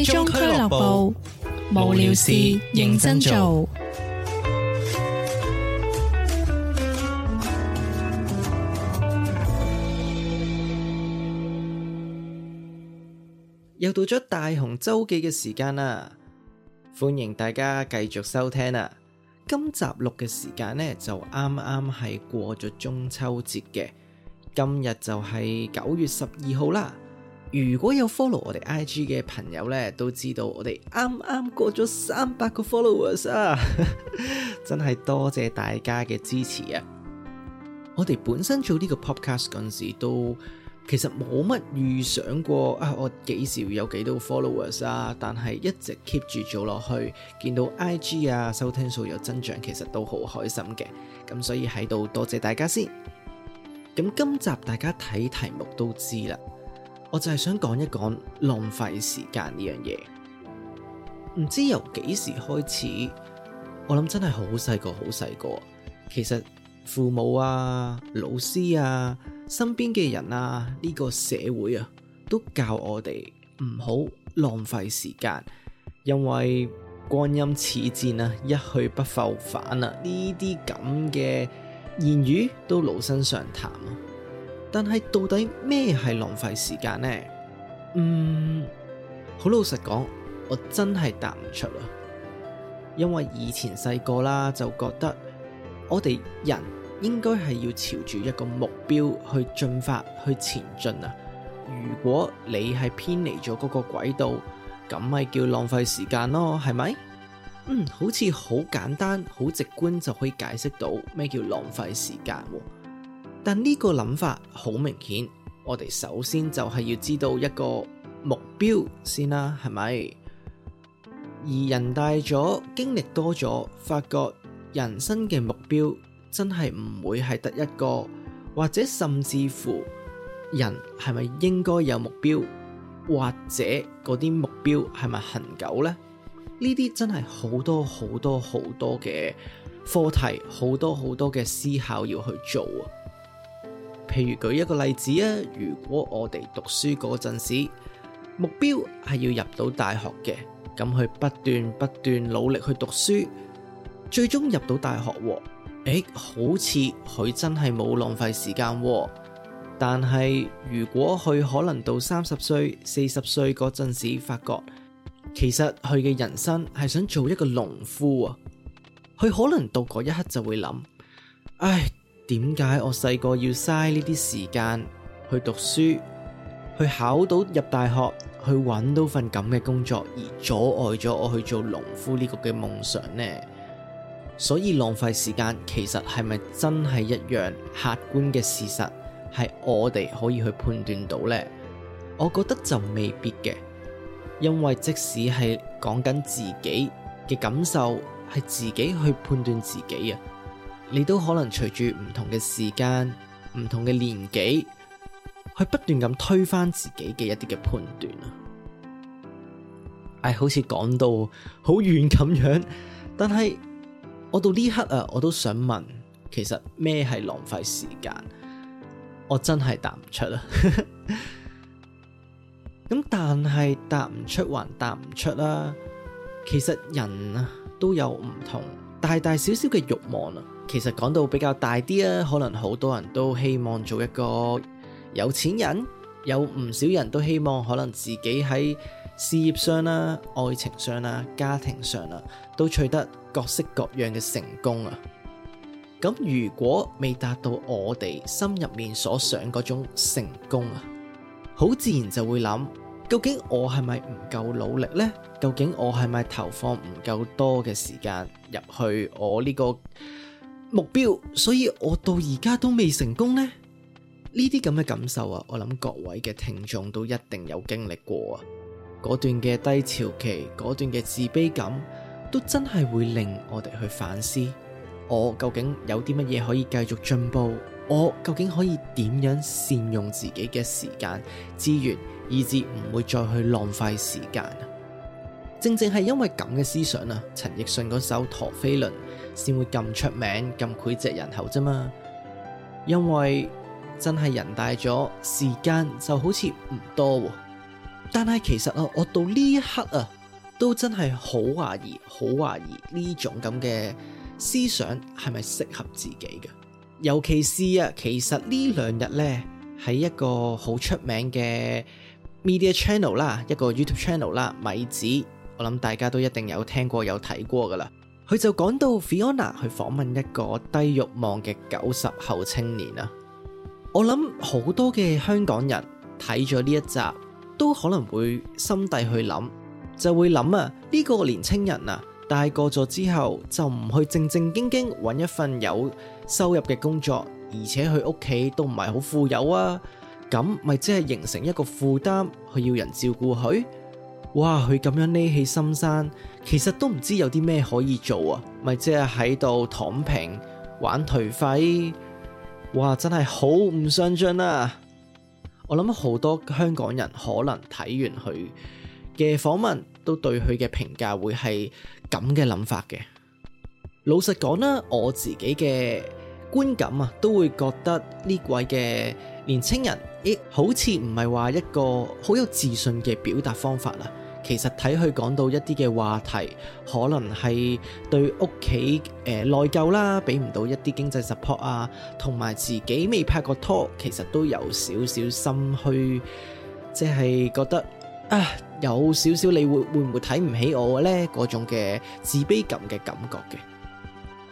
最終俱樂部，無聊事認真做。又到咗大雄週記嘅時間啦，歡迎大家繼續收聽啦。今集錄嘅時間呢，就啱啱係過咗中秋節嘅，今日就係九月十二號啦。如果有 follow 我哋 IG 嘅朋友呢，都知道我哋啱啱過咗三百個 followers 啊！呵呵真係多謝大家嘅支持啊！我哋本身做呢個 podcast 嗰陣時，都其實冇乜預想過啊，我幾時會有幾多 followers 啊！但係一直 keep 住做落去，見到 IG 啊收聽數有增長，其實都好開心嘅。咁所以喺度多謝大家先。咁今集大家睇題目都知啦。我就係想講一講浪費時間呢樣嘢。唔知由幾時開始，我諗真係好細個好細個，其實父母啊、老師啊、身邊嘅人啊、呢個社會啊，都教我哋唔好浪費時間，因為光陰似箭啊，一去不復返啊，呢啲咁嘅言語都老生常談啊。但係到底咩係浪費時間呢？嗯，好老實講，我真係答唔出啦。因為以前細個啦，就覺得我哋人應該係要朝住一個目標去進發，去前進啊。如果你係偏離咗嗰個軌道，咁咪叫浪費時間咯，係咪？嗯，好似好簡單，好直觀就可以解釋到咩叫浪費時間。但呢個諗法好明顯，我哋首先就係要知道一個目標先啦，係咪？而人大咗，經歷多咗，發覺人生嘅目標真係唔會係得一個，或者甚至乎人係咪應該有目標，或者嗰啲目標係咪恆久呢？呢啲真係好多好多好多嘅課題，好多好多嘅思考要去做。譬如舉一個例子啊，如果我哋讀書嗰陣時，目標係要入到大學嘅，咁佢不斷不斷努力去讀書，最終入到大學，誒，好似佢真係冇浪費時間。但係如果佢可能到三十歲、四十歲嗰陣時，發覺其實佢嘅人生係想做一個農夫啊，佢可能到嗰一刻就會諗，唉。點解我細個要嘥呢啲時間去讀書，去考到入大學，去揾到份咁嘅工作，而阻礙咗我去做農夫呢個嘅夢想呢？所以浪費時間，其實係咪真係一樣客觀嘅事實，係我哋可以去判斷到呢。我覺得就未必嘅，因為即使係講緊自己嘅感受，係自己去判斷自己啊。你都可能隨住唔同嘅時間、唔同嘅年紀，去不斷咁推翻自己嘅一啲嘅判斷啊！哎，好似講到好遠咁樣，但係我到呢刻啊，我都想問，其實咩係浪費時間？我真係答唔出啦。咁 但係答唔出還答唔出啦，啊，其實人都有唔同大大小小嘅慾望啊。其實講到比較大啲啊，可能好多人都希望做一個有錢人，有唔少人都希望可能自己喺事業上啦，愛情上啦，家庭上啦都取得各式各樣嘅成功啊。咁如果未達到我哋心入面所想嗰種成功啊，好自然就會諗，究竟我係咪唔夠努力呢？究竟我係咪投放唔夠多嘅時間入去我呢個？目標，所以我到而家都未成功呢。呢啲咁嘅感受啊，我諗各位嘅聽眾都一定有經歷過啊。嗰段嘅低潮期，嗰段嘅自卑感，都真係會令我哋去反思：我究竟有啲乜嘢可以繼續進步？我究竟可以點樣善用自己嘅時間資源，以至唔會再去浪費時間？正正係因為咁嘅思想啊，陳奕迅嗰首《陀飛輪》。先會咁出名咁膾炙人口啫嘛，因為真係人大咗，時間就好似唔多喎。但係其實啊，我到呢一刻啊，都真係好懷疑，好懷疑呢種咁嘅思想係咪適合自己嘅？尤其是啊，其實呢兩日呢，喺一個好出名嘅 media channel 啦，一個 YouTube channel 啦，米子，我諗大家都一定有聽過有睇過噶啦。佢就講到 Fiona 去訪問一個低慾望嘅九十後青年啊，我諗好多嘅香港人睇咗呢一集，都可能會心底去諗，就會諗啊呢個年青人啊，大個咗之後就唔去正正經經揾一份有收入嘅工作，而且佢屋企都唔係好富有啊，咁咪即係形成一個負擔去要人照顧佢？哇！佢咁樣匿喺深山，其實都唔知有啲咩可以做啊，咪即係喺度躺平玩頹廢？哇！真係好唔上進啊！我諗好多香港人可能睇完佢嘅訪問，都對佢嘅評價會係咁嘅諗法嘅。老實講啦，我自己嘅觀感啊，都會覺得呢位嘅。年青人，咦，好似唔係話一個好有自信嘅表達方法啦。其實睇佢講到一啲嘅話題，可能係對屋企誒內疚啦，俾唔到一啲經濟 support 啊，同埋自己未拍過拖，其實都有少少心虛，即係覺得啊，有少少你會會唔會睇唔起我呢嗰種嘅自卑感嘅感覺嘅。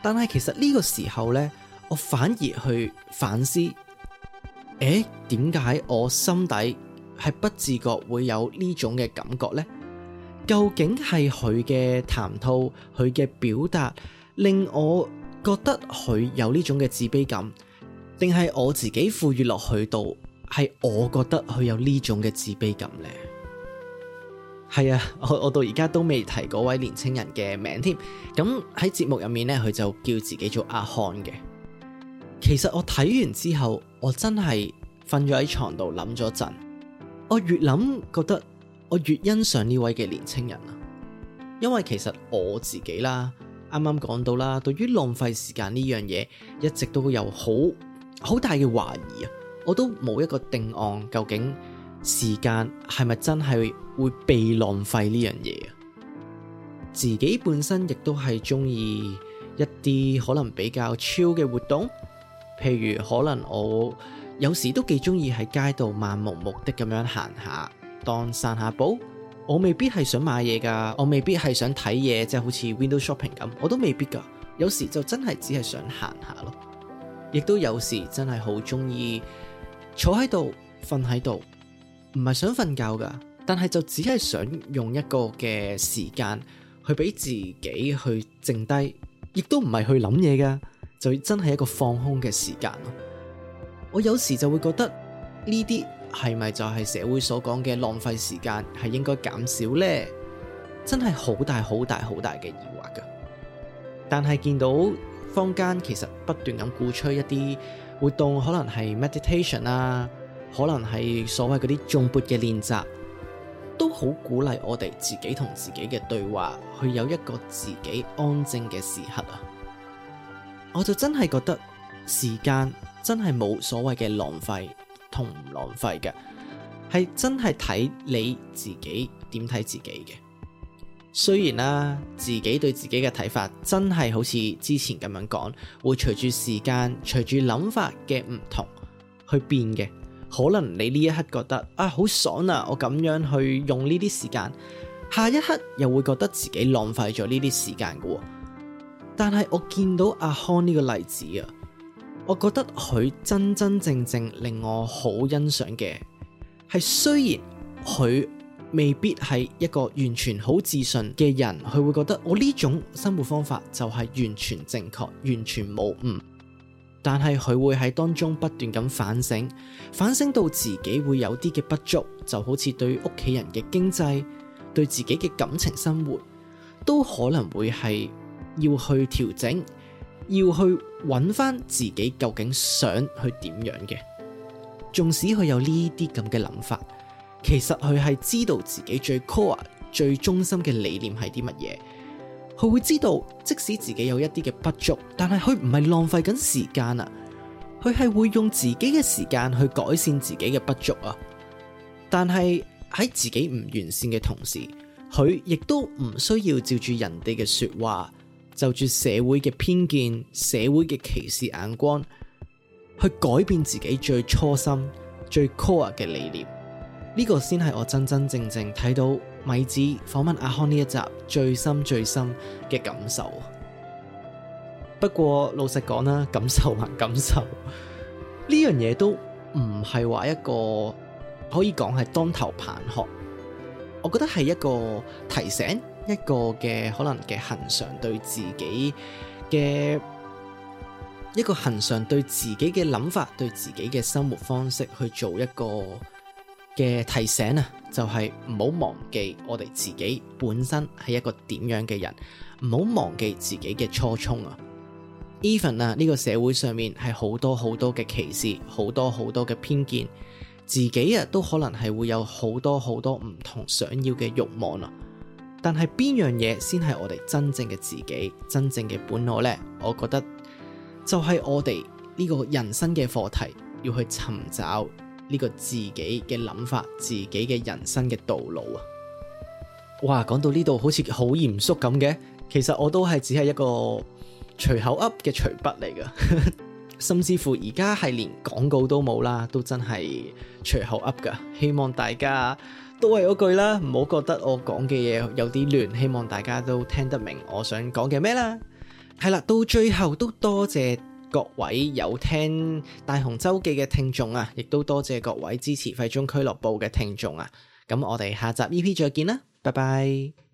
但係其實呢個時候呢，我反而去反思。誒，點解我心底係不自覺會有呢種嘅感覺呢？究竟係佢嘅談吐、佢嘅表達，令我覺得佢有呢種嘅自卑感，定係我自己賦予落去度，係我覺得佢有呢種嘅自卑感呢？係啊，我，我到而家都未提嗰位年青人嘅名添。咁喺節目入面咧，佢就叫自己做阿漢嘅。其實我睇完之後，我真係瞓咗喺床度諗咗陣。我越諗覺得我越欣賞呢位嘅年輕人啊。因為其實我自己啦，啱啱講到啦，對於浪費時間呢樣嘢，一直都有好好大嘅懷疑啊。我都冇一個定案，究竟時間係咪真係會被浪費呢樣嘢？啊？自己本身亦都係中意一啲可能比較 chill 嘅活動。譬如可能我有時都幾中意喺街度漫無目的咁樣行下，當散下步。我未必係想買嘢噶，我未必係想睇嘢，即係好似 window shopping 咁，我都未必噶。有時就真係只係想行下咯。亦都有時真係好中意坐喺度瞓喺度，唔係想瞓覺噶，但係就只係想用一個嘅時間去俾自己去靜低，亦都唔係去諗嘢噶。就真係一個放空嘅時間，我有時就會覺得呢啲係咪就係社會所講嘅浪費時間，係應該減少呢？真係好大好大好大嘅疑惑噶。但係見到坊間其實不斷咁鼓吹一啲活動，會可能係 meditation 啊，可能係所謂嗰啲頌缽嘅練習，都好鼓勵我哋自己同自己嘅對話，去有一個自己安靜嘅時刻啊。我就真係覺得時間真係冇所謂嘅浪費同唔浪費嘅，係真係睇你自己點睇自己嘅。雖然啦、啊，自己對自己嘅睇法真係好似之前咁樣講，會隨住時間，隨住諗法嘅唔同去變嘅。可能你呢一刻覺得啊，好爽啊，我咁樣去用呢啲時間，下一刻又會覺得自己浪費咗呢啲時間嘅。但係我見到阿康呢個例子啊，我覺得佢真真正正令我好欣賞嘅係，雖然佢未必係一個完全好自信嘅人，佢會覺得我呢種生活方法就係完全正確，完全冇誤。但係佢會喺當中不斷咁反省，反省到自己會有啲嘅不足，就好似對屋企人嘅經濟，對自己嘅感情生活都可能會係。要去調整，要去搵翻自己究竟想去點樣嘅。縱使佢有呢啲咁嘅諗法，其實佢係知道自己最 core、最中心嘅理念係啲乜嘢。佢會知道，即使自己有一啲嘅不足，但係佢唔係浪費緊時間啊。佢係會用自己嘅時間去改善自己嘅不足啊。但係喺自己唔完善嘅同時，佢亦都唔需要照住人哋嘅說話。就住社會嘅偏見、社會嘅歧視眼光，去改變自己最初心、最 core 嘅理念，呢、這個先係我真真正正睇到米子訪問阿康呢一集最深最深嘅感受。不過老實講啦，感受還感受，呢樣嘢都唔係話一個可以講係當頭棒喝，我覺得係一個提醒。一個嘅可能嘅恒常，對自己嘅一個恒常，對自己嘅諗法，對自己嘅生活方式，去做一個嘅提醒啊！就係唔好忘記我哋自己本身係一個點樣嘅人，唔好忘記自己嘅初衷啊！Even 啊，呢個社會上面係好多好多嘅歧視，好多好多嘅偏見，自己啊都可能係會有好多好多唔同想要嘅慾望啊！但係邊樣嘢先係我哋真正嘅自己，真正嘅本我呢？我覺得就係我哋呢個人生嘅課題，要去尋找呢個自己嘅諗法，自己嘅人生嘅道路啊！哇，講到呢度好似好嚴肅咁嘅，其實我都係只係一個隨口噏嘅隨筆嚟噶， 甚至乎而家係連廣告都冇啦，都真係隨口噏噶，希望大家。都係嗰句啦，唔好覺得我講嘅嘢有啲亂，希望大家都聽得明我想講嘅咩啦。係啦，到最後都多謝各位有聽《大雄週記》嘅聽眾啊，亦都多謝各位支持廢中俱樂部嘅聽眾啊。咁我哋下集 EP 再見啦，拜拜。